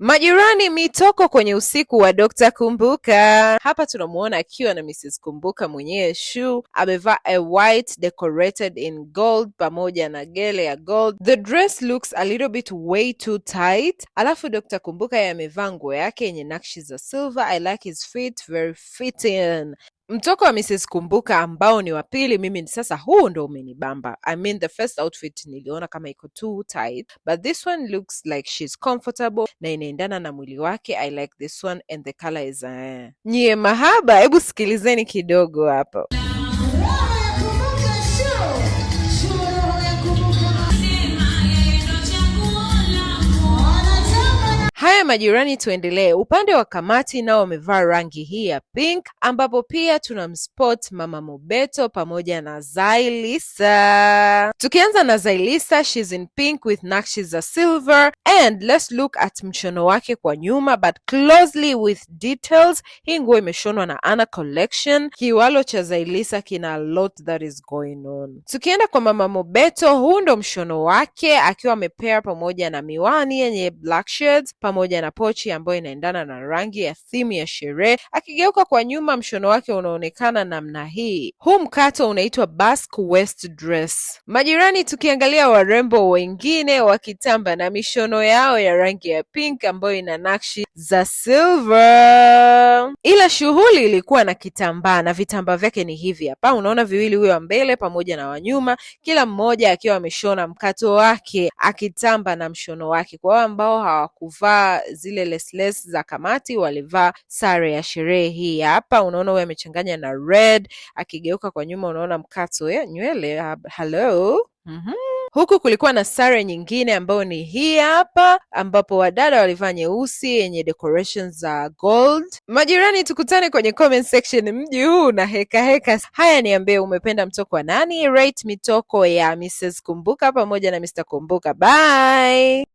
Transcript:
Majirani mitoko kwenye usiku wa Dr. Kumbuka. Hapa tunamuona akiwa na Mrs. Kumbuka mwenyewe Shu, amevaa a white decorated in gold pamoja na gele ya gold. The dress looks a little bit way too tight. Alafu Dr. Kumbuka yeye amevaa nguo yake yenye nakshi za silver. I like his feet, very fitting. Mtoko wa Mrs Kumbuka ambao ni wa pili, mimi sasa, huu ndo umenibamba. I mean the first outfit niliona kama iko too tight but this one looks like sheis comfortable na inaendana na mwili wake. I like this one and the color is uh... nyie mahaba, hebu sikilizeni kidogo hapo. ya majirani tuendelee, upande wa kamati nao wamevaa rangi hii ya pink, ambapo pia tuna mspot Mama Mobeto pamoja na Zailisa. Tukianza na Zailisa, she's in pink with nakshi za silver And let's look at mshono wake kwa nyuma but closely with details. Hii nguo imeshonwa na ana Collection. Kiwalo cha Zailisa kina a lot that is going on. Tukienda kwa mama Mobeto, huu ndo mshono wake akiwa amepea pamoja na miwani yenye black shirts, pamoja na pochi ambayo inaendana na rangi ya thimu ya sherehe. Akigeuka kwa nyuma, mshono wake unaonekana namna hii. Huu mkato unaitwa Basque West dress. Majirani, tukiangalia warembo wengine wakitamba na mishono yao ya rangi ya pink ambayo ina nakshi za silver, ila shughuli ilikuwa na kitambaa na vitambaa vyake ni hivi hapa, unaona viwili, huyo wa mbele pamoja na wanyuma, kila mmoja akiwa ameshona mkato wake akitamba na mshono wake. Kwa ambao hawakuvaa zile lesles za kamati, walivaa sare ya sherehe hii hapa. Unaona huyo amechanganya na red, akigeuka kwa nyuma unaona mkato ya nywele. Hello. Mm-hmm. Huku kulikuwa na sare nyingine ambayo ni hii hapa, ambapo wadada walivaa nyeusi yenye decoration za gold. Majirani, tukutane kwenye comment section, mji huu na heka heka. Haya, niambie umependa mtoko wa nani? Rate mitoko ya Mrs Kumbuka pamoja na Mr Kumbuka. Bye.